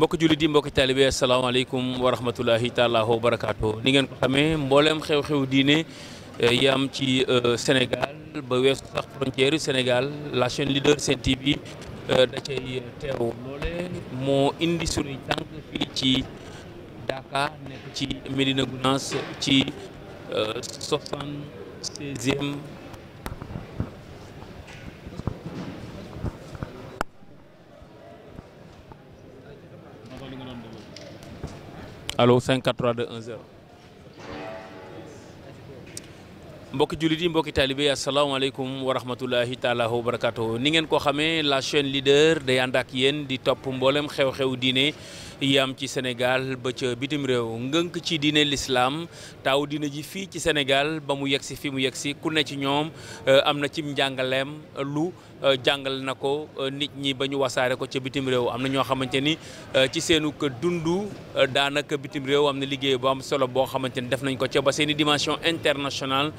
mbokk jullit yi mbokki taalibe asalaamaaleykum wa rahmatulahi taala wa barakaatu ni ngeen ko xamee mbooleem xew-xew diine eh, yi am ci eh, Sénégal ba weesu sax frontière yu Sénégal la chaîne leader Sen TV eh, da cay teew loole moo indi suñuy tànk fii ci Dakar nekk ci Médina Gounass ci soixante-seizième allo 543 210. mbokki jullit yi mbokki taalibe yi asalaamaaleykum wa rahmatulahi taala wa ni ngeen ko xamee la chaîne leader day ànd ak yéen di topp mboolem xew-xew diine yi ci Sénégal ba ca bitim réew ngënk ci diine lislaam taaw diine ji fii ci senegal ba mu yegsi fi mu yegsi ku ne ci ñoom euh, am na cim njàngaleem lu. Euh, jàngal na ko euh, nit ñi ba ñu wasaare ko ca bitim réew am na ñoo xamante ni euh, ci seenu dundu daanaka bitim réew am na liggéey bu am solo boo xamante ni def nañ ko ca ba seeni dimension internationale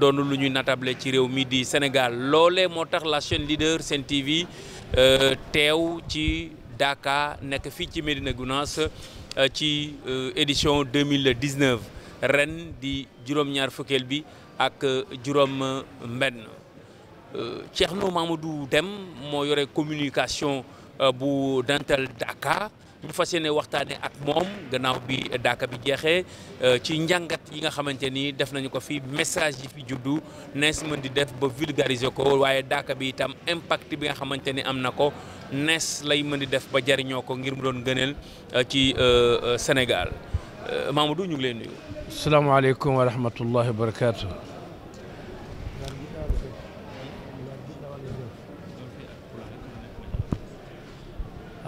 doonu lu ñuy natable ci réew mi di Sénégal loole moo tax la chaîne leader Sen TV teew ci Dakar nekk fii ci Médina Gounass ci édition 2019 ren di juróom-ñaar fukkeel bi ak juróom mbenn Thierno du Dem moo yore communication euh, bu Dental Daka ñu fas yéene waxtaane ak moom gannaaw bi daaka bi jeexee euh, ci njàngat yi nga xamante ni def nañu ko fi message yi fi juddu nees mën di def ba vulgariser ko waaye daaka bi itam impact bi nga xamante ni am na ko nees lay mën di def ba jariñoo ko ngir mu doon gëneel euh, ci Sénégal Mamadou ñu ngi leen nuyu. salaamaaleykum wa rahmatullahi wa barakaatu.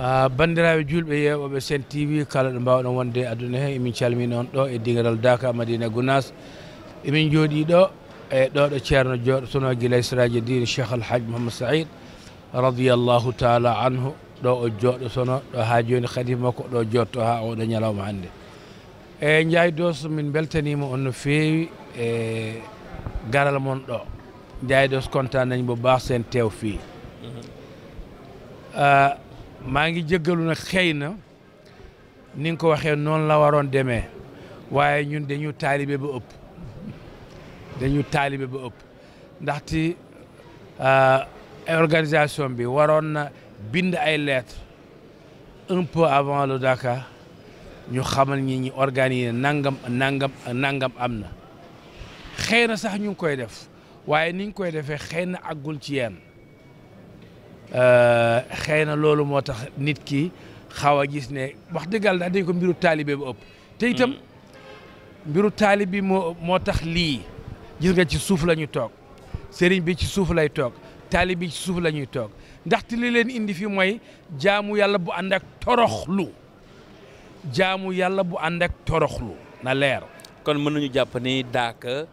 Ah, bandiraɓe julɓe yewoɓe sen tv kala ɗo mbawɗon wonde aduna he emin calmini on ɗo e dingadal daka madina gounas emin jooɗi ɗo e ɗo ɗo ceerno jooɗotono guila siraji dine cheikh alhaji mouhammad saïd radiallahu taala anhu ɗo o jooɗotono ɗo ha joni khalifa makko ɗo jotto ha oɗo ñalawma hannde e jaayi dos min beltanima on no feewi e garal mon ɗo jaayi dos contant nañ bo baax sen tew fii mhm. ah, maa ngi jéggalu na xëy na ning ko waxee noonu la waroon deme waaye ñun dañu taalibe ba ëpp dañu taalibe ba ëpp ndaxte euh, organisation bi waroon na bind ay lettres un avant le Dakar ñu xamal ñi ñi organiser nangam nangam nangam am na xëy na sax ñu koy def waaye ni koy defee xëy na àggul ci yeen Euh, xëy na loolu moo tax nit ki xaw a gis ne wax dëggal daal dañ ko mbiru taalibe bu ëpp te itam mbiru taalibe bi moo tax lii gis nga ci suuf la ñu toog sëriñ bi ci suuf lay toog taalibe bi ci suuf la ñuy toog ndaxte li leen indi fi mooy jaamu yàlla bu ànd ak toroxlu jaamu yàlla bu ànd ak toroxlu na leer kon mën nañu jàpp ni daaka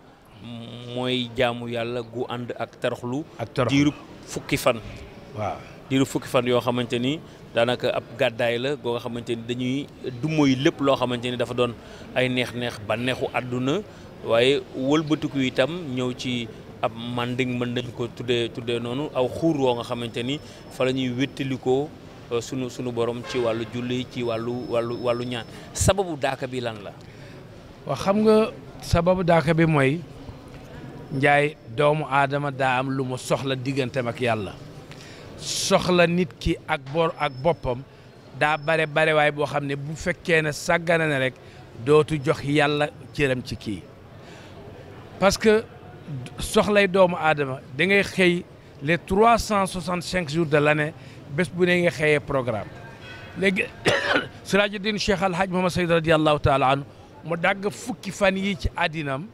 mooy jaamu yàlla gu ànd ak toroxlu ak toroxlu fukki fan waaw diiru fukki fan yoo xamante ni daanaka ab gàddaay la goo nga xamante ni dañuy dummoy lépp loo xamante ni dafa doon ay neex-neex ba neexu àdduna waaye wëlbatiku itam ñëw ci ab manding mën nañ ko tuddee tudde noonu aw xuur woo nga xamante ni fa la ñuy wéttalikoo euh, sunu sunu borom ci wàllu julli ci wàllu wàllu wàllu ñaan sababu daaka bi lan la. waaw xam nga sababu daaka bi mooy njaay doomu aadama daa am lu mu soxla diggante ak yàlla. soxla nit ki ak bor ak boppam daa bare bare waay boo xam ne bu fekkee ne saggana ne rek dootu jox yàlla cëram ci kii parce que soxlay doomu aadama dangay ngay xëy les trois cent soixante cinq jours de l'année bés bu ne nga xëyee programme léegi Siraajuddin Cheikh Al Hadj Mohamad Sayyid radiyallahu taala anhu mu dagg fukki fan yii ci àddinam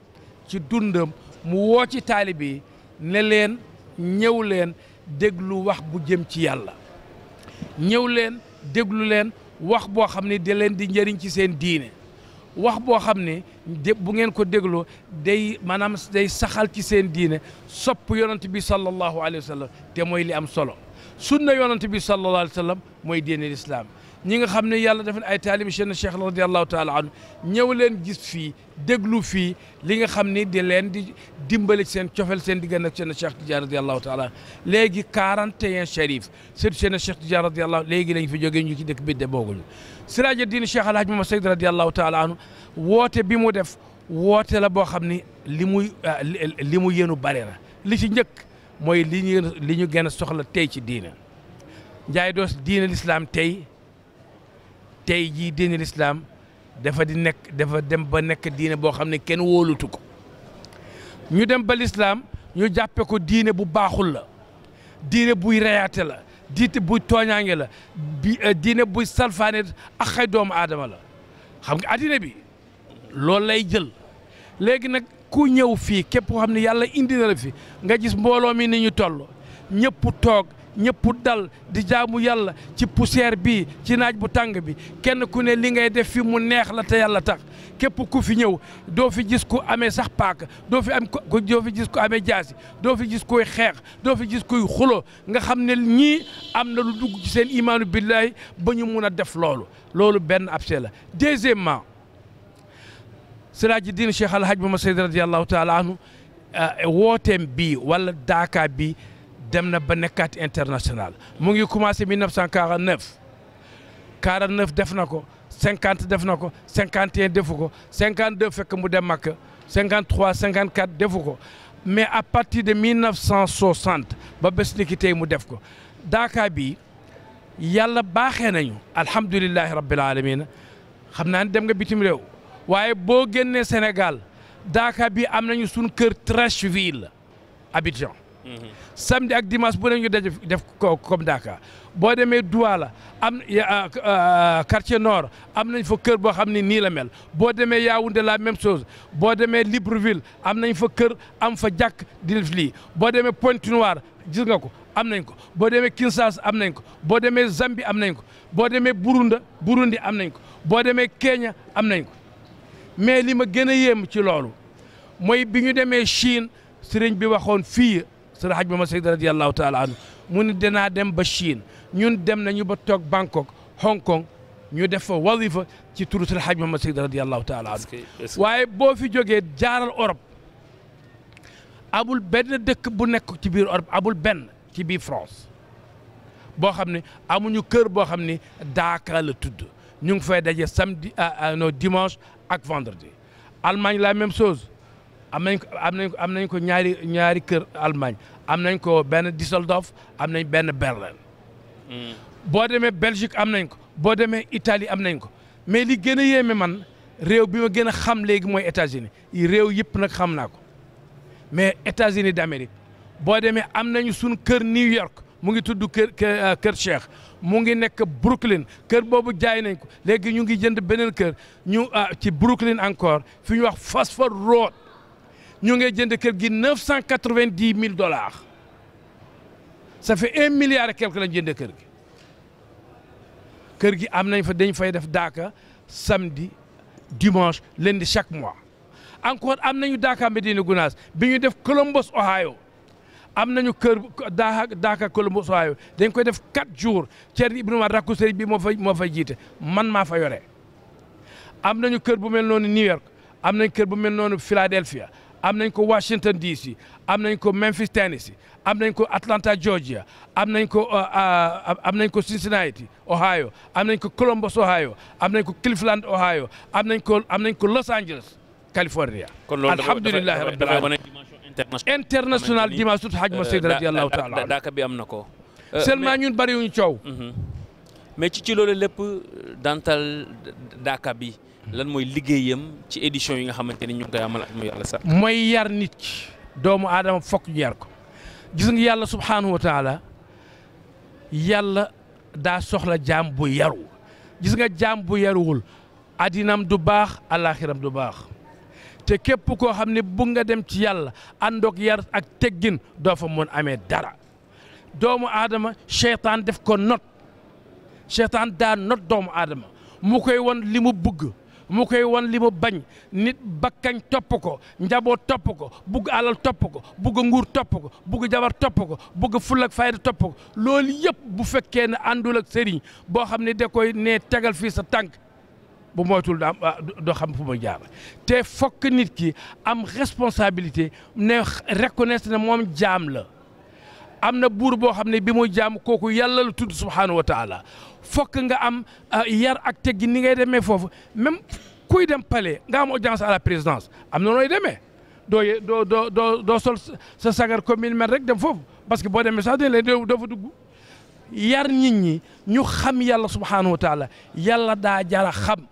ci dundam mu woo ci taalibe yi ne leen ñëw leen déglu wax bu jëm ci yàlla ñëw leen déglu leen wax boo xam ne da leen di njëriñ ci seen diine wax boo xam ne de bu ngeen ko dégloo day maanaam day saxal ci seen diine sopp yonent bi sallallahu alayhi wa sallam te mooy li am solo sunna yonent bi sallallahu alayhi wa sallam mooy diine lislaam ñi nga xam ne yàlla def na ay taalibi seen cheikh radiallahu taala anhu ñëw leen gis fii déglu fii li nga xam ni di leen di dimbali seen cofel seen diggante ak seen cheikh Tidiane radiallahu taala léegi 41 chérif surtout seen cheikh Tidiane radiallahu léegi lañ fi jogee ñu ci dëkk bi de booguñu siraja diin cheikh alhaj mama sayd radiallahu taala anhu woote bi mu def woote la boo xam ni li muy euh, li mu yéenu bare na li ci njëkk mooy li ñu li ñu gën a soxla tey ci diine njaay tey tey jii diine lislaam dafa di nekk dafa dem ba nekk diine boo xam ne kenn wóolutu ko ñu dem ba lislaam ñu jàppe ko diine bu baaxul la diine buy reyaate la diite buy tooñaange la bi euh, diine buy salfaane ak xay doomu aadama la xam nga addina bi loolu lay jël léegi nag ku ñëw fii képp koo xam ne yàlla indi na la fi nga gis mbooloo mi ni ñu toll ñëpp toog ñëpp dal di jaamu yàlla ci poussière bi ci naaj bu tàng bi kenn ku ne li ngay def fi mu neex la te yàlla tax képp ku fi ñëw doo fi gis ku amee sax paaka doo fi am ko doo gis ku amee jaas doo fi gis koy xeex doo fi gis koy xulo nga xam ne ñii am na lu dugg ci seen imaanu billaay ba ñu mun a def loolu loolu benn abcès la deuxièmement siraaji diin cheikh alhaj ma sayd radiallahu taala anhu euh, wooteem bi wala daaka bi dem na ba nekkaat international mu ngi commencé 1949 49 def na ko 50 def na ko 51 defu ko 52 fekk mu dem Makka 53 54 defu ko mais à partir de 1960 ba bés ni tey mu def ko daaka bi yàlla baaxee nañu alhamdulilahi rabbil alamina xam naa ni dem nga bitim réew waaye boo génnee Sénégal daaka bi am nañu suñu kër Treichville Abidjan samedi ak dimanche bu ne ñu def def ko comme Dakar boo demee Douala am euh, euh, quartier nord am nañ fa kër boo xam ne nii la mel boo demee Yaoundé la même chose boo demee Libreville am nañ fa kër am fa jàkk di lii boo demee Pointe Noire gis nga ko am nañ ko boo demee Kinshasa am nañ ko boo demee Zambie am nañ ko boo demee Burunda Burundi am nañ ko boo demee keeña am nañ ko mais li ma gën a yéem ci loolu mooy bi ñu demee Chine sëriñ bi waxoon fii Seydi Hadj Mama Seydou radiyallahu taala anhu mu ni danaa dem ba Chine ñun dem nañu ba toog Bangkok Hong ñu def fa wasifa ci turu Seydi ma Mama Seydou radiyallahu taala anhu waaye boo fi jógee jaaral Europe abul benn dëkk bu nekk ci biir Europe abul benn ci biir France boo xam ne amuñu kër boo xam ne daaka la tudd ñu ngi fay daje samedi ah, ah, no dimanche ak vendredi almaañ la même chose am nañ ko am nañ am nañ ko ñaari ñaari kër almaañ am nañ ko benn Düsseldorf am nañ benn Berlin. Hmm. boo demee Belgique am nañ ko boo demee Italie am nañ ko mais li gën a yéeme man réew bi ma gën a xam léegi mooy États-Unis réew yëpp nag xam naa ko mais États-Unis d'Amérique boo demee am nañ suñu kër New York mu ngi tudd kër euh, kër Cheikh mu ngi nekk Brooklyn kër boobu jaay nañ ko léegi ñu ngi jënd beneen kër ñu euh, ci Brooklyn encore fi ñu wax Phosphore Road. ñu ngay jënd kër gi neuf cent quatre-vingt-dix mille dollars ça fait un milliard jënd kër gi kër gi am nañ fa dañ fay def daaka samedi dimanche lundi chaque mois encore am nañu daaka Medina Gounass bi ñu def Columbus Ohio am nañu kër daaka daaka Columbus Ohio dañ koy def quatre jours Thierno Ibrahima rakku sëriñ bi moo fay moo fay jiite man maa fa yore am nañu kër bu mel noonu New York am nañ kër bu mel noonu Philadelphia am nañ ko Washington DC am nañ ko Memphis Tennessee am nañ ko Atlanta Georgia am nañ ko uh, uh, am nañ ko Cincinnati Ohio am nañ ko Columbus Ohio am nañ ko Cleveland Ohio am nañ ko am nañ ko Los Angeles California. kon loolu alhamdulilah rabbil alamin international dimanche sut hajj ma Seydi uh, radiyallahu taala daaka bi am na ko. seulement ñun bariwuñu coow. Mhm. mais ci ci lépp dantal daaka bi. lan mooy liggéeyam ci édition yi nga xamante ni ñu ngi koy amal ak sax. mooy yar nit ci doomu aadama fokk ñu yar ko gis nga yàlla subhaanahu wa taala yàlla daa soxla jaam bu yaru gis nga jaam bu yaruwul addinam du baax alaaxiram du baax te képp koo xam ne bu nga dem ci yàlla àndoog yar ak teggin doo fa mën amee dara doomu aadama seytaan def ko not seytaan daa not doomu aadama mu koy won li mu bëgg. mu koy wan li mu bañ nit bakkañ topp ko njaboot topp ko bugg alal topp ko bugg nguur topp ko bugg jabar topp ko bugg ful ak fayda topp loolu yëpp bu fekkee ne àndul ak sëriñ boo xam ne da koy nee tegal fii sa tànk bu moytul daa ah, doo xam fu muy jaar te fokk nit ki am responsabilité ne reconnaître ne moom jaam la am na buur boo xam ne bi muy jaam kooku yàlla la tudd subhaanahu wa fokk nga am euh, yar ak teggin ni ngay demee foofu même kuy dem palais nga am audience à la présidence am na nooy demee doo doo doo doo doo sol sa sagar commune rek dem foofu parce que boo demee sax dañ lay doo fa dugg yar nit ñi ñu xam yàlla subhaanahu wa taala yàlla daa jara xam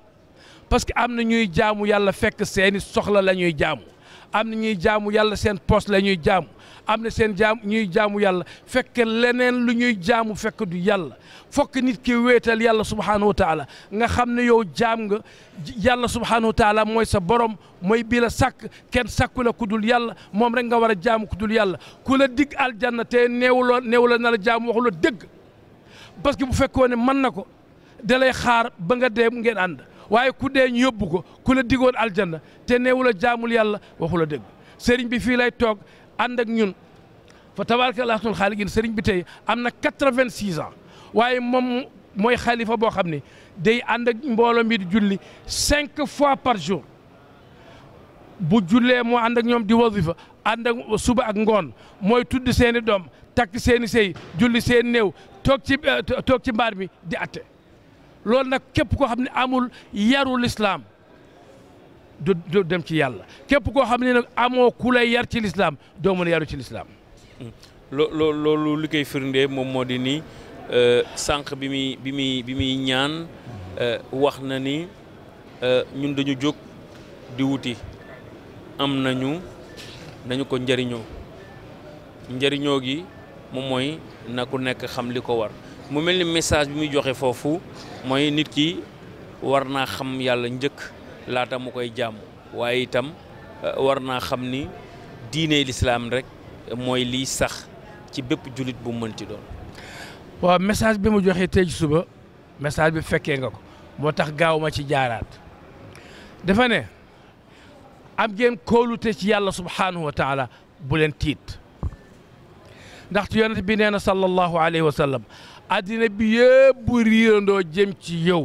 parce que am na ñuy jaamu yàlla fekk seeni soxla la ñuy jaamu am na ñuy jaamu yàlla seen poste la ñuy jaamu am na seen jaam ñuy jaamu yàlla fekk leneen lu ñuy jaamu fekk du yàlla fokk nit ki weetal yàlla subhaanahu wa nga xam ne yow jaam nga yàlla subhaanahu wa taala mooy sa borom mooy bi la sàkk kenn sàkku la ku dul yàlla moom rek nga war a jaamu ku dul yàlla ku la digg aljanna te neewuloo neewuloo na la jaamu waxu la dëgg parce que bu fekkoon ne mën na ko da lay xaar ba nga dee ngeen ànd waaye ku dee yóbbu ko ku la digoon aljanna te neewu la jaamul yàlla waxu la dëgg sëriñ bi fii lay toog ànd ak ñun fa tabaarakallaah ahsanul xaaliqiin sëriñ bi tey am na quatre-vingt-six ans waaye moom mooy xalifa boo xam ne day ànd ak mbooloo di julli cinq fois par jour bu jullee moo ànd ak ñoom di wazifa ànd ak suba ak ngoon mooy tudd seeni doom takk seeni sëy julli seeni néew toog ci eh, toog ci mbaar mi di atte loolu nag képp koo xam ne amul yaru lislaam du dem ci yàlla képp koo xam ne nag amoo ku lay yar ci lislaam doo mën a yaru ci lislaam hmm. lo loo loolu li koy firnde moom moo di ni euh, sànq bi muy bi muy bi muy ñaan euh, wax na ni euh, ñun dañu jóg di wuti am nañu nañu ko njariñoo njariñoo gi moom mooy na ku nekk xam li ko war mu mel ni message bi muy joxe foofu mooy nit ki war naa xam yàlla njëkk laata mu koy jàmm waaye itam euh, war naa xam ni diine lislaam rek mooy lii sax ci bépp jullit bu mënti doon. waaw message bi mu joxe tey suba message bi fekkee nga ko moo tax gaaw ma ci jaaraat dafa ne am ngeen kóolute ci yàlla subhaanahu wa taala bu leen tiit ndaxte yonent bi nee na sallallahu alayhi wa addina bi yëpp bu riirandoo jëm ci yow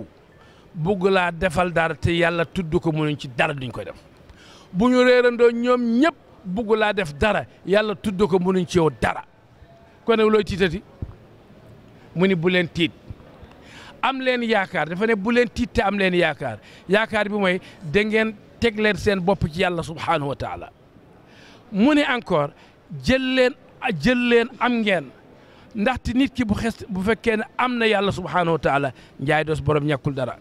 bugg laa defal dara te yàlla tudd ko mënuñ ci dara duñ koy def bu ñu réerandoo ñoom ñëpp bugg laa def dara yàlla tudd ko mënuñ ci yow dara kon nag looy tiitati mu ni bu tiit am leen yaakaar dafa ne buleen tiit te am leen yaakaar yaakaar bi mooy da ngeen teg leen seen bopp ci yàlla subhaanahu wa taala mu ne encore jël leen jël leen am ngeen ndaxte nit ki bu xes bu fekkee ne am na yàlla subhaanahu wa taala njaay dos borom ñàkkul dara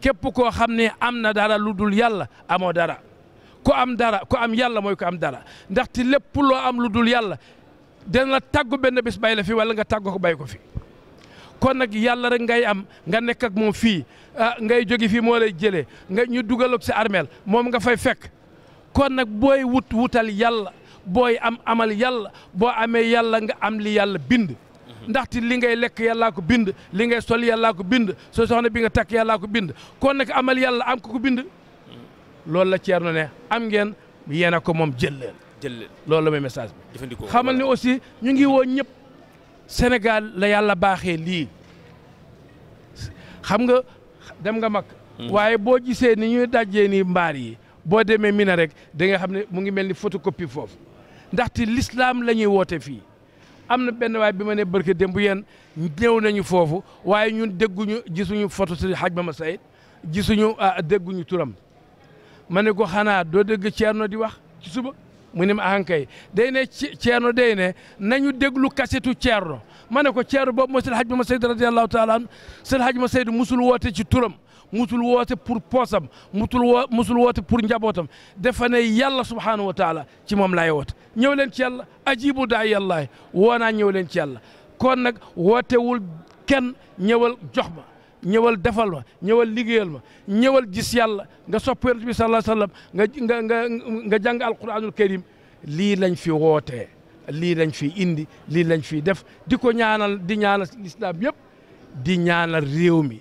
képp koo xam ne am na dara lu dul yàlla amoo dara ku am dara ku am yàlla mooy ku am dara ndaxti lépp loo am lu dul yàlla dana na tàggu benn bés bay la fi wala nga tàggu ko bay ko fi kon nag yàlla rek ngay am nga nekk ak moom fii ah, ngay jóge fii moo lay jëlee nga ñu dugal si armeel moom nga fay fekk kon nag booy wut wutal yàlla booy am amal yàlla boo amee yàlla nga am li yàlla bind ndaxti li ngay lekk yàllaa ko bind li ngay sol yàllaa ko bind soo soxna bi nga takk yàllaa ko bind kon nag amal yàlla am ko ko bind loolu la Thierno ne am ngeen yéen a ko moom jël leen jël loolu la mooy message bi jëfandikoo xamal ne aussi ñu ngi woo ñëpp Sénégal la yàlla baaxee lii xam nga dem nga mag hmm. waaye boo gisee ni ñuy dajjee nii mbaar yi boo demee mina rek da nga xam ne mu ngi mel ni photocopie foofu ndaxte l'islam la ñuy woote fii am na benn waay bi ma ne barke dembu bu yéen nañu foofu waaye ñun dégguñu gisuñu photo si Hadj ma Sayid gisuñu ah, dégguñu turam ma ne ko xanaa doo dégg no di wax ci suba mu ne ma ahankay day ne no day ne nañu déglu kasetu Thierno ma ne ko ceer Thierno boobu mooy seen Hadj Mama Sayid radiyallahu taala an seen Hadj Mama Sayid musul woote ci turam musul woote pour poosam musul woo musul woote pour njabootam dafa ne yàlla subhaanahu ci moom laay woote ñëw leen ci yàlla ajibu daa yàllaay woo naa ñëw leen ci yàlla kon nag wootewul kenn ñëwal jox ma ñëwal defal ma ñëwal liggéeyal ma ñëwal gis yàlla nga sopp yonent bi sallallahu alayhi nga nga nga nga jàng lii lañ fi wootee lii lañ fi indi lii lañ fi def di ko ñaanal di ñaanal lislaam yëpp di ñaanal réew mi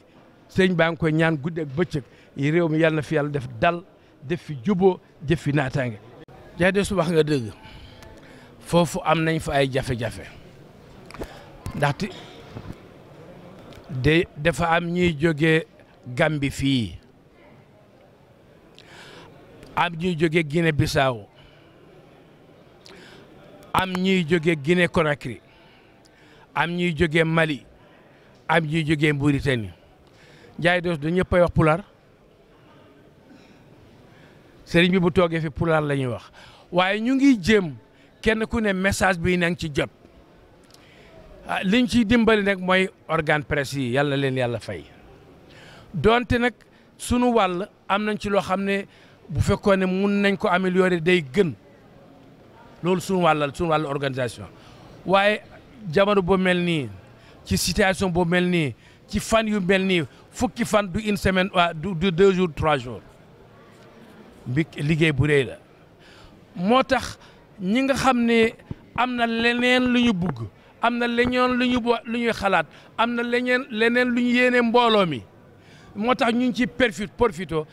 sëñ baa ngi koy ñaan guddi ak bëccëg réew mi yàlla na fi yàlla def dal def juboo def fi naataange. jaay su wax nga dëgg foofu am nañ fa ay jafe-jafe ndaxte dafa am ñuy joge Gàmbi fii am ñuy jógee Guinée Bissau am ñuy jógee Guinée Conakry am ñuy jógee Mali am ñuy jógee Mauritanie jaay doos du ñëppay wax pular sëriñ bi bu toogee fi pulaar la ñuy wax waaye ñu ngi jéem kenn ku ne message bi na ci jot ah, liñ ciy dimbali nag mooy organ presse yi yàlla leen yàlla fay donte nag sunu wàll am nañ ci loo xam ne bu fekkoon ne mun nañ ko améliorer day gën loolu sunu wàll sunu wàll organisation waaye jamono boo mel nii ci situation boo mel nii ci fan yu mel nii fukki fan du une semaine waa du deux jours trois jours bi liggéey bu réy la moo tax ñi nga xam ne am na leneen lu ñu bugg am na leneen lu ñu lu ñuy xalaat am na leneen leneen lu ñu yéene mbooloo mi moo tax ñu ngi ciy perfite profito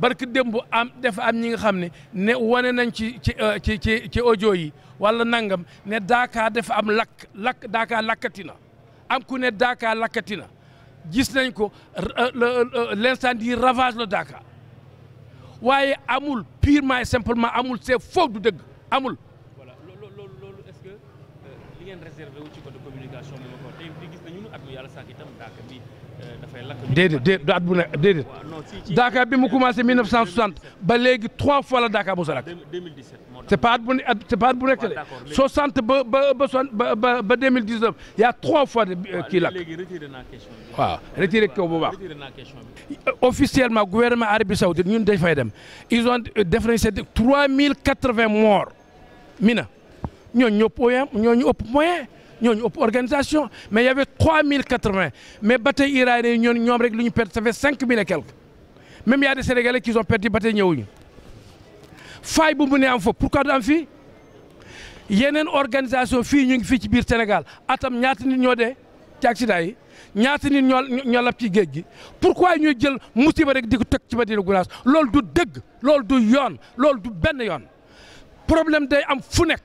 barke démb am dafa am ñi nga xam ne ne wane nañ ci ci euh, ci ci ci audio yi wala nangam ne Dakar dafa am lakk lakk Dakar lakkati na am ku ne Dakar lakkati na gis nañ ko euh, euh, l'incendie ravage le Dakar waaye amul purement et simplement amul c'est faux du dëgg amul. voilà loolu loolu est-ce que euh, li ngeen réservé wu ci côté communication bi nga ko tey gis nañu at mu yàlla sàkk itam Dakar bi dafay lakk. déedéet déedéet at bu déedéet. Dakar bi mu commencé ba léegi trois fois la Dakar mos a lakk. c'est pas at bu ne c'est pas at bu nekk de 60 ba ba ba soixante ba ba 2019 y a trois fois de euh, kii lakk waaw retiré ko bu baax officiellement gouvernement Arabie Saoudite ñun dañ fay dem ils ont def nañ c'est 3080 morts mina ñooñu ñëpp moyen ñooñu ëpp moyen ñooñu ëpp organisation mais y avait 3080 mais bataille iranien ñoom rek lu ñu perte ça fait 5000 et quelques même y a des Sénégalais qui ont perdu bataille ñëwuñu faay bu mu ne am fo pourquoi du am fii yeneen organisation fii ñu ngi fii ci biir Sénégal atam ñaata nit ñoo dee ci accident ñaata nit ñoo ñoo lab ci géej gi pourquoi ñuy jël musiba rek di ko teg ci Médina Gounass loolu du dëgg loolu du yoon loolu du benn yoon problème day am fu nekk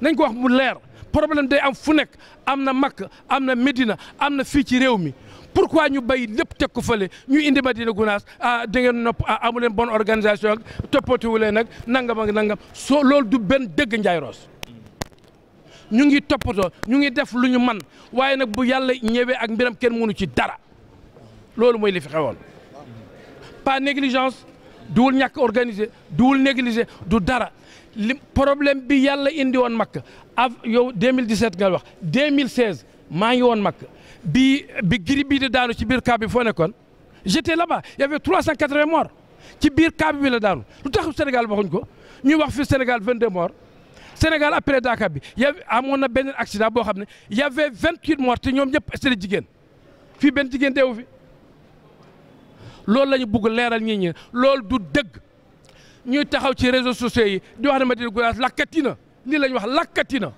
nañ ko wax mu leer problème day am fu nekk am na Makka am na Médina am na fii ci réew mi pourquoi ñu bay lépp teg ko fële ñu indi Madina Gunaas ah da ngeen nopp ah amu leen bonne organisation ak toppatiwu leen nag nangam ak nangam soo loolu du benn dëgg Ndiaye ñu ngi toppatoo ñu ngi def lu ñu man waaye nag bu yàlla ñëwee ak mbiram kenn mënu ci dara loolu mooy li fi xewoon pas négligence duwul ñàkk organisé duwul négligé du dara li problème bi yàlla indi woon makk av yow 2017 nga wax 2016 maa ngi woon makk bi bi giri bii di daanu ci biir kaab bi foo nekkoon j'étais là-bas y avait 380 morts ci biir kaab bi la daanu lu tax Sénégal waxuñ ko ñuy wax fi Sénégal 22 morts senegal après Dakar bi y avait amoon na beneen accident boo xam ne y avait 28 morts te ñoom ñëpp c'est jigéen fii benn jigéen deewu fi loolu la bugg leeral ñi ñi lool du dëgg ñuy taxaw ci réseaux sociaux yi di wax ne Madina Gounass lakkati na lii la ñu wax lakkati na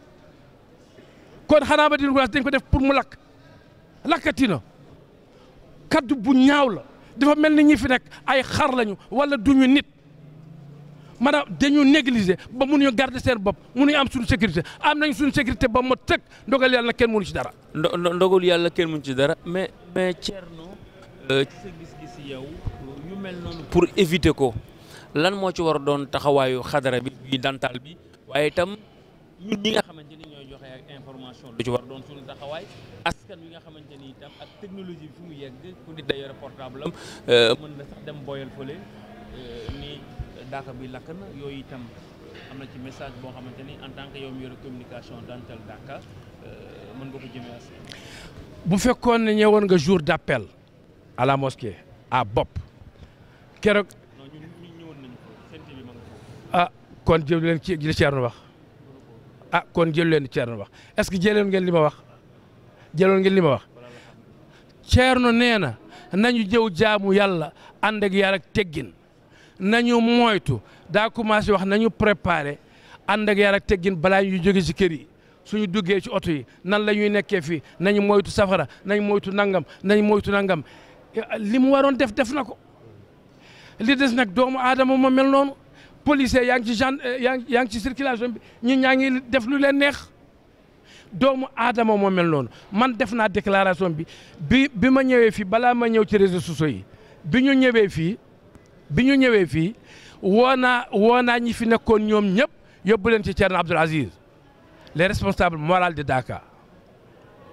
kon xanaa Madina Gounass dañ ko def pour mu lakk. lakkati na kaddu bu ñaaw la dafa mel ni ñi fi nekk ay xar lañu wala duñu nit maanaam dañu négliger ba mu mënuñu garder seen bopp mënuñu am suñ sécurité am nañ suñ sécurité ba mot tëkk ndogal yàlla kenn mënu ci dara. ndogal yàlla kenn mënu ci dara. mais mais Thierno. Euh, ci sa gis-gis yow yu mel noonu. pour éviter ko lan moo ci war a doon taxawaayu xadara bi bi dantal bi waaye itam ñun ñi nga xamante ni ñoo joxe ak information lu ci war doon suñu taxawaay. askan wi nga xamante ni itam ak technologie bi fi mu yegg ku nit day euh, na dem boyal fële euh, ni daaka bi yooyu itam euh, am na ci message boo xamante ni en tant que yow mi yore communication dantal Daaka mën nga ko bu fekkoon ne ñëwoon nga jour d'appel à la mosquée à Bopp ko seen TV ah, kon jël leen ci li wax ah kon jël leen Thierno wax est-ce que jëlee ngeen li ma wax. jëloon ngeen li ma wax Ceerno nee na nañu jaw jaamu yàlla ànd ak yar teggin nañu moytu da commencé wax nañu préparé ànd ak yar teggin balaa ñuy jóge ci kër yi suñu duggee ci oto yi nan la ñuy nekkee fii nañu moytu safara nañ moytu nangam nañ moytu nangam li mu waroon def def na ko li des nag doomu aadama ma mel noonu policier yaa ngi ci gen yaa ngi ci circulation bi ñun ñaa ngi def lu leen neex doomu aadama moo mel noonu man def naa déclaration bi bi bi ma ñëwee fii balaa ma ñëw ci réseau sociaux yi bi ñu ñëwee fii bi ñu ñëwee fii woo naa woo naa ñi fi nekkoon ñoom ñëpp yóbbu leen ci Thierno Abdoul Aziz les responsables moraux de Dakar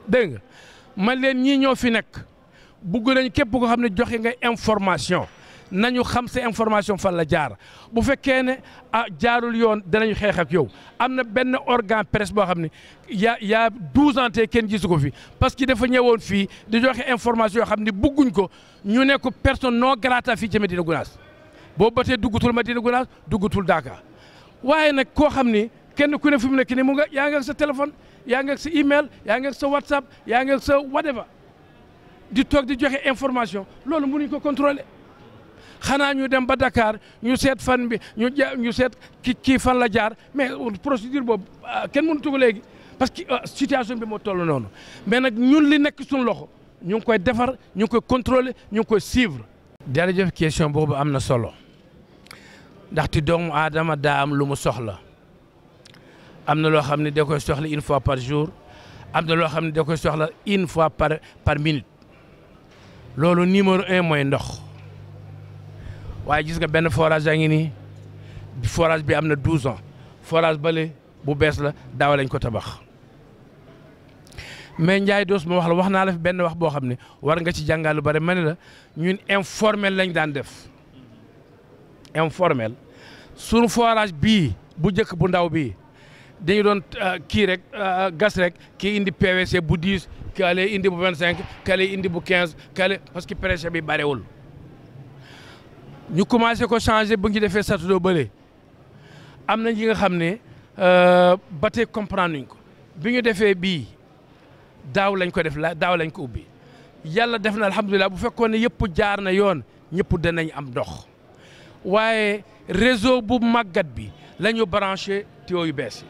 dégg nga man leen ñii ñoo fi nekk bugg nañ képp ko xam ne joxe nga information nañu xam sa information fan la jaar bu fekkee ne ah jaarul yoon danañu xeex ak yow am na benn organ presse boo xam ne yaa yaa douze ans te kenn gisu ko fi parce que dafa ñëwoon fii di joxe information yoo xam ne bugguñ ko ñu ne ko personne non grata fii ci Medina Gounass boo ba tey duggatul Medina Gounass duggatul Dakar waaye nag koo xam ni kenn ku ne fi mu nekk ni mu nga yaa ngi ak sa téléphone yaa ngi ak sa email yaa ngi ak sa yaa ngi ak sa whatever di toog di joxe information loolu mënuñ ko contrôler xanaa ñu dem ba dakaar ñu seet fan bi ñu ja ñu seet ki kii fan la jaar mais procédure boobu ah, kenn mënatu ko léegi parce que ah, situation bi moo toll noonu mais nag ñun li nekk suñu loxo ñu ngi koy defar ñu ngi koy contrôler ñu ngi koy suivre. jërëjëf question boobu am na solo ndaxte doomu aadama daa am lu mu soxla am na loo xam ne de koy soxla une fois par jour am na loo xam ne da koy soxla une fois par par minute loolu numéro un mooy ndox. waaye gis nga benn forage a ngi nii forage bi am na 12 ans forage bale bu bees la daaw lañ ko tabax mais Ndiaye doos ma wax la wax naa la benn wax boo xam ne war nga ci jàngal lu bari ma ne la ñun informel lañ daan def informel suñu forage bi bu njëkk bu ndaw bi dañu doon euh, kii rek euh, gas rek kii indi PVC bu 10 kale indi bu 25 kale indi bu 15 kale parce que pression bi barewul ñu commencé ko changé ba ngi defee satudoo bële am na ñi nga xam ne euh, ba tey comprendre nuñ ko bi ñu defee bii daaw lañ ko def la daaw lañ ko ubbi yàlla def na alhamdulilah bu fekkoon ne yëpp jaar na yoon ñëpp danañ am ndox waaye réseau bu màggat bi la ñu branché tuyau yu bees yi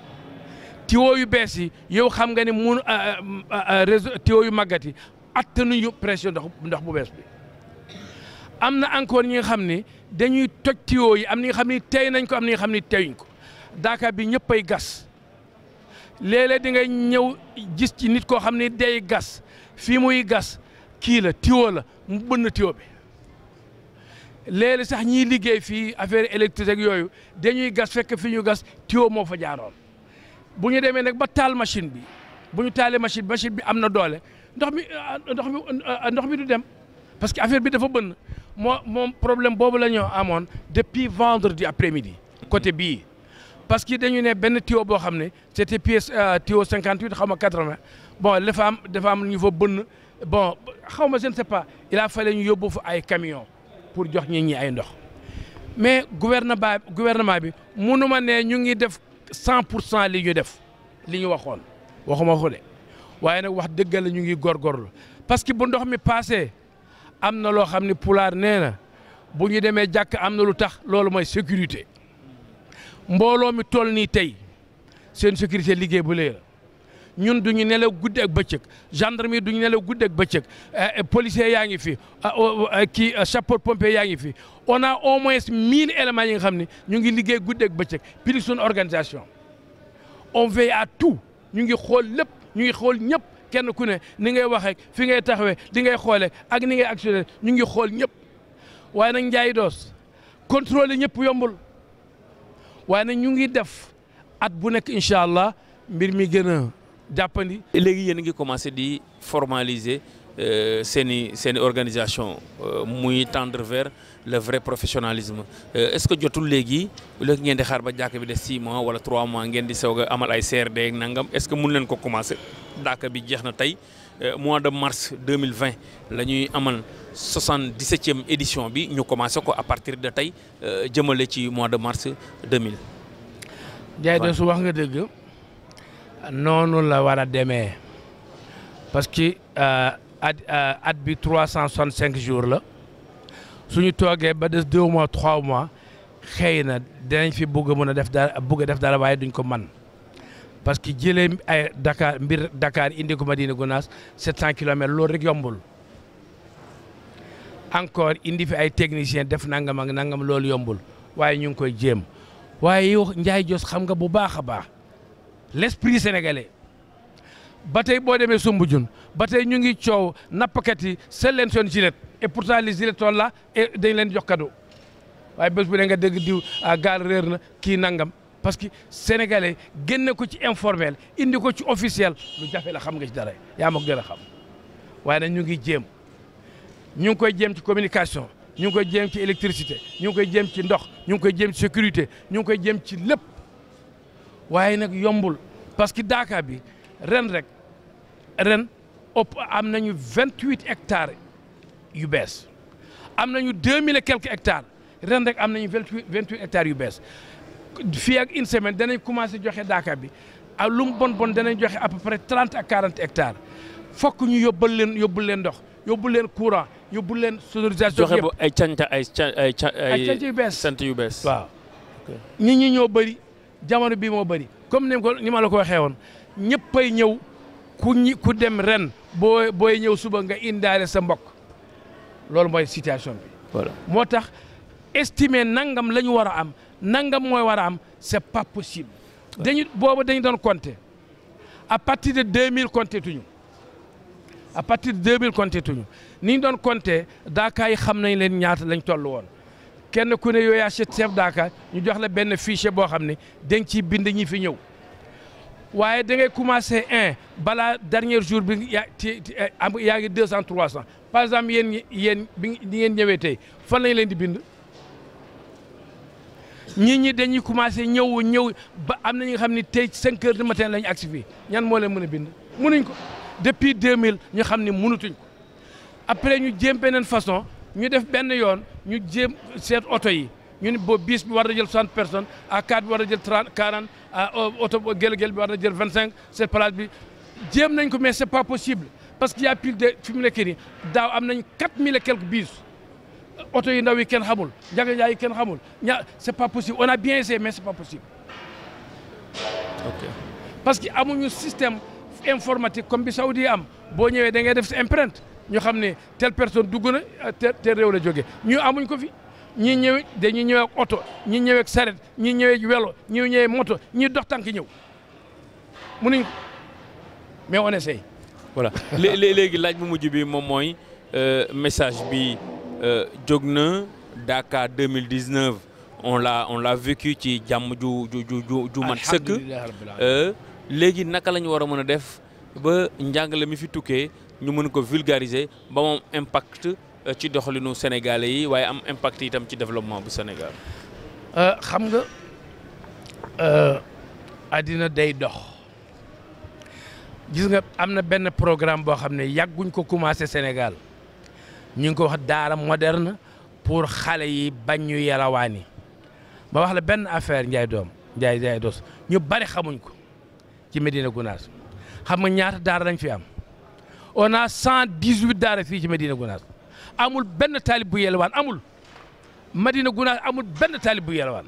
tuyau yu bees yi yow xam nga ne mun euh, euh, réseau tuyau yu màggat yi attanuñu pression ndox ndox bu bees bi am na encore ñi nga xam ne dañuy toj tuyaux yi am na ñi xam ne tey nañ ko am na ñi nga xam ne teyuñ ko daaka bi ñëpp ay gas léeg-léeg di ngay ñëw gis ci nit koo xam ne day gas fii muy gas kii la tuyau la mu bënn tuyau bi léeg-léeg sax ñiy liggéey fii affaire électrique yooyu dañuy gas fekk fii ñu gas tuyau moo fa jaaroon bu ñu demee nag ba taal machine bi bu ñu taalee machine machine bi am na doole ndox mi ah, ndox mi ah, ndox mi du dem parce que affaire bi dafa bënn moo moom problème boobu la ñoo amoon depuis di après midi côté mm-hmm. bii parce que dañu ne benn tuyau boo xam ne c'était pièce euh, tuyau 58 xaw ma 80 bon dafa am dafa am ñu fo bënn bon xaw ma je ne sais pas il a fallu ñu yóbbu fa ay camion pour jox ñi ñi ay ndox mais gouvernement gouvernement bi munu ma ne ñu ngi def 100 pour cent li ñu def li ñu waxoon waxuma ko de waaye nag wax dëgg la ñu ngi góorgóorlu parce que bu ndox mi passé am na loo xam ne pulaar nee na bu ñu demee jàkk am na lu tax loolu mooy sécurité mbooloo mi toll nii tey seen sécurité liggéey bu léegi ñun du ñu nelaw guddi ak bëccëg gendarmerie du ñu nelaw guddi ak bëccëg eh, eh, policier yaa ngi fi ah, oh, oh, eh, kii sapeur pompier yaa ngi fi on au moins mille éléments yi nga xam ne ñu ngi liggéey guddi ak bëccëg plus suñu organisation on veille à tout ñu ngi xool lépp ñu ngi xool ñëpp. kenn ku ne ni ngay waxee fi ngay taxawee li ngay xoolee ak ni ngay actionné ñu ngi xool ñëpp waaye nag njaay doos contrôler ñëpp yombul waaye nag ñu ngi def at bu nekk incha allah mbir mi gën a jàppandi. léegi yéen a ngi commencé di formaliser. Euh, seen i seen i organisation euh, muy tendre vers le vrai professionnalisme euh, est-ce que jotul léegi léegi ngeen di xaar ba jàkk bi des 6 mois wala 3 mois ngeen di soog a amal ay CRD ak nangam est-ce que mun leen ko commencer dàkk bi jeex na tey mois de mars 2020 la ñuy amal 77e édition bi ñu commencé ko à partir de tey jëmale ci mois de mars 2000. jaay de su wax nga dëgg noonu la war a demee parce at euh, at bi trois cent soixante cinq jours la suñu toogee ba des deux mois trois mois xëy na dinañ fi bugg mën a def dara bugg def dara waaye duñ ko man parce que jëlee ay Dakar mbir Dakar indi ko Madina Gounass sept cent kilomètres loolu rek yombul encore indi fi ay technicien def nangam ak nangam loolu yombul waaye ñu ngi koy jéem waaye yow Ndiaye Dios xam nga bu baax a baax l'esprit sénégalais. ba tey boo demee Soumbédioune ba tey ñu ngi coow nappkat yi seen leen seen gilet et pourtant les gilets sont là leen jox cadeau waaye bés bu ne nga dégg diw ah, gaal réer na kii nangam parce que sénégalais génne ko ci informel indi ko ci officiel lu jafe la xam nga ci dara yaa ma gën a xam waaye nag ñu ngi jéem ñu ngi koy jéem ci communication ñu ngi koy jéem ci électricité ñu koy jéem ci ndox ñu ngi koy jéem ci sécurité ñu ngi koy jéem ci lépp waaye nag yombul parce que daaka bi. ren rek ren ëpp am nañu vingt huit hectares yu bees am nañu deux mille et quelques hectares ren rek am nañu vingt huit hectares yu bees fii ak une semaine danañ commencé joxe daaka bi a lu mu bon bon danañ joxe à peu près trente à quarante hectares fokk ñu yóbbal leen yóbbul leen ndox yóbbul leen courant yóbbul leen sonorisation joxe bu ay cant ay cant yu bees cant yu bees waaw nit ñi ñoo bëri jamono bii moo bëri comme ni ma la ko waxee woon ñëppay ñëw ku ñi ku dem ren boo booy ñëw suba nga indaale sa mbokk loolu mooy situation bi. moo tax estimer nangam la ñu war a am nangam mooy war a am c'est pas possible. dañu boobu dañu doon compter à partir de 2000 compter tuñu à partir de 2000 compter tuñu ni doon compter daaka yi xam nañ leen ñaata lañ toll woon. kenn ku ne yooyaa chef daaka ñu jox la benn fichier boo xam ne dañ ciy bind ñi fi ñëw. waaye da ngay commencé un balaa dernier jour bi yaa ci yaa ngi deux cent trois cent par exemple yéen yéen bi ngeen ñëwee tey fan lañ leen di bind ñit ñi dañuy commencé ñëw ñëw ba am na ñi xam ne tey cinq heures du matin lañu agsi fii ñan moo leen mën a bind mënuñ ko depuis 2000 ñu xam ne mënutuñ ko après ñu jëm beneen façon ñu def benn yoon ñu jéem seet oto yi ñu ne boo bis bi war a jël 60 personnes à 4 bi war a jël 30 40 ah oh, oto gel-gel bi war na jël vingt cinq cette place bi jéem nañ ko mais c'est pas possible parce qu'il y a de fi mu nekk nii daaw am nañ quatre mille et quelques bus oto yu ndaw yi kenn xamul njaga njaay yi kenn xamul ña c'est pas possible on a bien essayé mais c'est pas possible parce que amuñu système informatique comme bi Saoudi am boo ñëwee da ngay def sa empreinte ñu xam ne telle personne dugg na te réew la jóge ñu amuñ ko fi ñi ñëw dañuy ñëw ak oto ñi ñëw ak saret ñi ñëw welo ñi ñëw moto ñi dox tànk ñëw munuñ ko mais on essaie. voilà léegi laaj bu mujj bi moom mooy euh, message bi euh, jóg na Dakar 2019 on l'a on l'a vécu ci jàmm ju ju ju ju mat sëkk euh, léegi naka la ñu war a mën a def ba njàngale mi fi tukkee ñu mën ko vulgariser ba moom impact. Euh, ci doxalinu sénégalais yi waaye am impact itam ci développement bu Sénégal. Euh, xam nga euh, àddina day dox gis nga am na benn programme boo xam ne yàgguñ ko commencé Sénégal ñu ngi ko wax daara moderne pour xale yi bañ ñu yalawaani ma wax la benn affaire Ndiaye doom Ndiaye Ndiaye dos ñu bari xamuñ ko ci Medina Gounass xam nga ñaata daara lañ fi am on a 118 daara fii ci Medina Gounass. amul benn taalib bu yelwaan amul Madina Gounass amul benn taalib bu yelwaan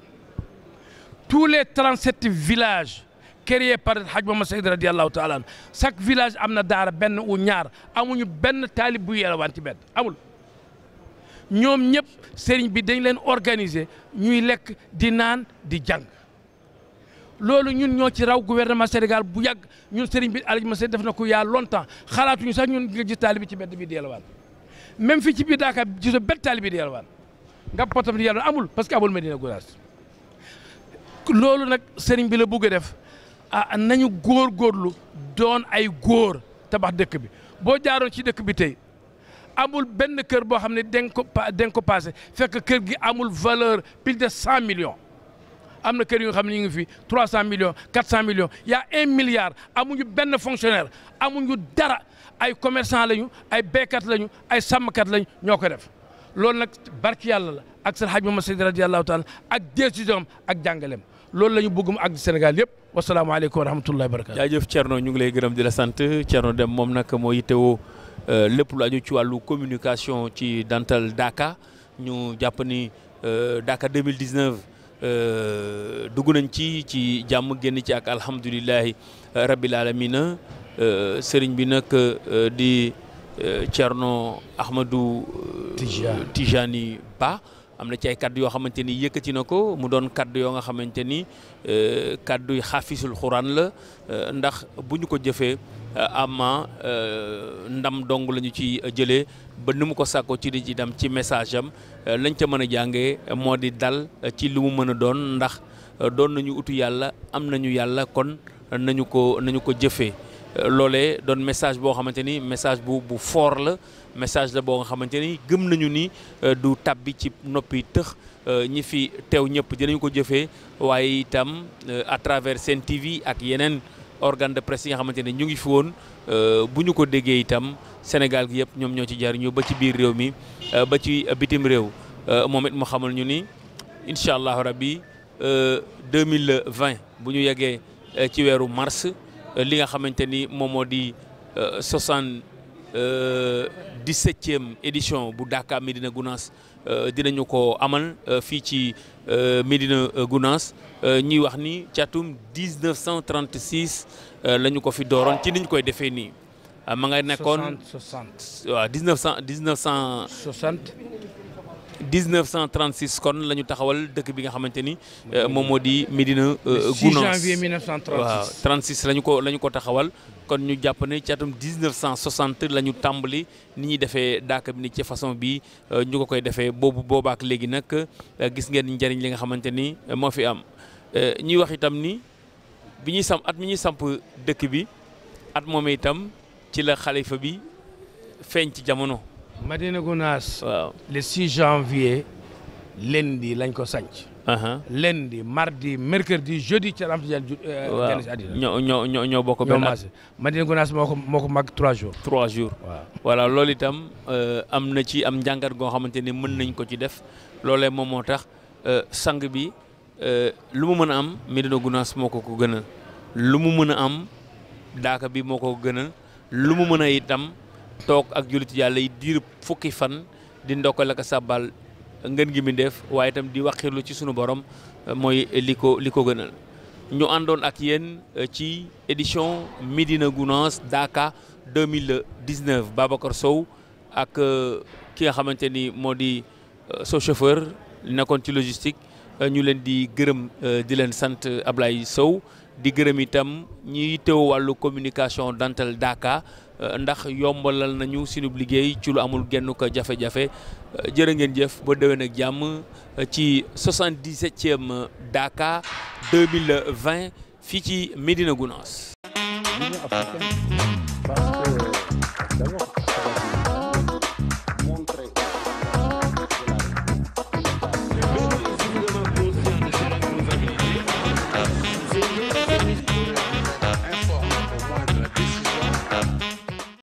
tous les 37 villages créés par Hadj Mouhamed Saïd radiyallahu taala an chaque village am na daara benn u ñaar amuñu benn taalib bu yelwaan ci benn amul ñoom ñëpp sëriñ bi dañ leen organiser ñuy lekk di naan di jàng loolu ñun ñoo ci raw gouvernement Sénégal bu yàgg ñun sëriñ bi Alaaji Mouhamed Saïd def na ko yaa longtemps xalaatuñu sax ñun nga gis taalibe bi ci mbedd bi di yelwaan même fii ci biir Dakar gisoo benn taalibe di yalwaan nga potam di yalwaan amul parce que amul Medina Gounass loolu nag sëriñ bi la bëgg a def ah nañu góorgóorlu doon ay góor tabax dëkk bi boo jaaroo ci dëkk bi tey amul benn kër boo xam ne den ko den ko passé fekk kër gi amul valeur plus de cent millions am na kër yu xam ne ñu ngi fi 300 millions 400 millions y' a 1 milliard amuñu benn fonctionnaire amuñu dara ay commerçant lañu ay béykat lañu ay sàmmkat lañu ñoo koy def loolu nag barki yàlla la ak seen xaj ma Seydi radiyallahu taala ak décision am ak jàngaleem loolu la ñu buggum mu àgg Sénégal yëpp wasalaamaaleykum wa rahmatullahi wa barakatu jaajëf Thierno ñu ngi lay gërëm di la sant Thierno dem moom nag moo yittewoo euh, lépp lu aju ci wàllu communication ci Dental Daka ñu jàpp ni euh, Daka 2019 Euh, dugg nañ ci ci jàmm génn ci ak alhamdulilahi euh, rabbil alamina euh, sëriñ bi nag di Thierno Ahmadou Tijani Ba am na ci ay kaddu yoo xamante ni yëkkati na ko mu doon kaddu yoo nga xamante ni kaddu yi xaafisul xuraan la ndax bu ñu ko jëfee Euh, ama euh, ndam dong la ñu ci euh, jëlee ba nu mu ko sàkko ci di ci dem ci message am lañ ca mën a jàngee moo di dal ci li mu mën a doon ndax doon nañu utu yàlla am nañu yàlla kon nañu ko nañu ko jëfee loolee doon message boo xamante ni message bu bu fort la message la boo xamante ni gëm nañu ni du tàbbi ci noppi tëx ñi fi teew ñëpp dinañ ko jëfee waaye itam à travers Sen TV ak yeneen organe de presse yi nga xamante ne ñu ngi fi woon euh, bu ñu ko déggee itam Sénégal gi yëpp ñoom ñoo ci jariñu ba ci biir réew mi euh, ba ci bitim réew euh, moom it mu xamal ñu ni incha allah rabbi 2020 bu ñu yeggee ci weeru mars li nga xamante ni moom moo di soixante dix-septième édition bu mi dina Medina Gounass dinañu ko amal fii ci. Euh, Médina euh, Gounass euh, ñuy wax ni catum 1936 la ñu ko fi dooroon ci ni ñu koy defee nii. Ah, ma nga nekkoon 60 waaw 1900 1900. 60. 1936 kon la ñu taxawal dëkk bi nga xamante ni moom moo di Médina Gounass 6 janvier 1936 waaw 36 la ñu ko la ñu ko taxawal. kon ñu jàpp ne ci atum 1960 la ñu tàmbali ni ñuy defee daaka bi ni ci façon bi euh, ñu ko koy defee boobu boobaak léegi nag euh, gis ngeen njëriñ li nga xamante ni euh, moo fi am. ñuy wax itam ni bi ñuy samp at mi ñuy samp dëkk bi at moom itam ci la xalifa bi feeñ ci jamono. Madina Gounass. waaw le 6 janvier. lundi lañ ko sanc Uh-huh. lundi mardi mercredi jeudi ca Ramadou Diagne. waaw génn si àddina ñoo ñoo ñoo ñoo bokk. benn ma Madina Gounass moo ko moo ko mag trois jours. trois jours voilà loolu itam euh, am na ci am njàngat goo xamante ni mën nañ ko ci def loolee moom moo tax euh, sang bi euh, lu mu mën a am Madina Gounass moo ko ko gënal lu mu mën a am daaka bi moo ko gënal lu mu mën a itam toog ak jullit yàlla diir fukki fan di ndokkal ak a ngën gi mi def waaye itam di waqirlu ci sunu borom euh, mooy li ko li ko gënal ñu àndoon ak yéen euh, ci édition Médina Gounass Daaka 2019 Babacar Sow ak euh, ki nga xamante ni moo di so chauffeur nekkoon ci logistique ñu leen di gërëm di leen sant Ablaye Sow di gërëm itam ñiy teew wàllu communication dental Daaka ndax yombalal nañu sunu liggéey ci lu amul genn ko jafe-jafe jërë ngeen jëf ba déwén ak jàmm euh, ci 77e Dakar 2020 fii ci Médina Gounass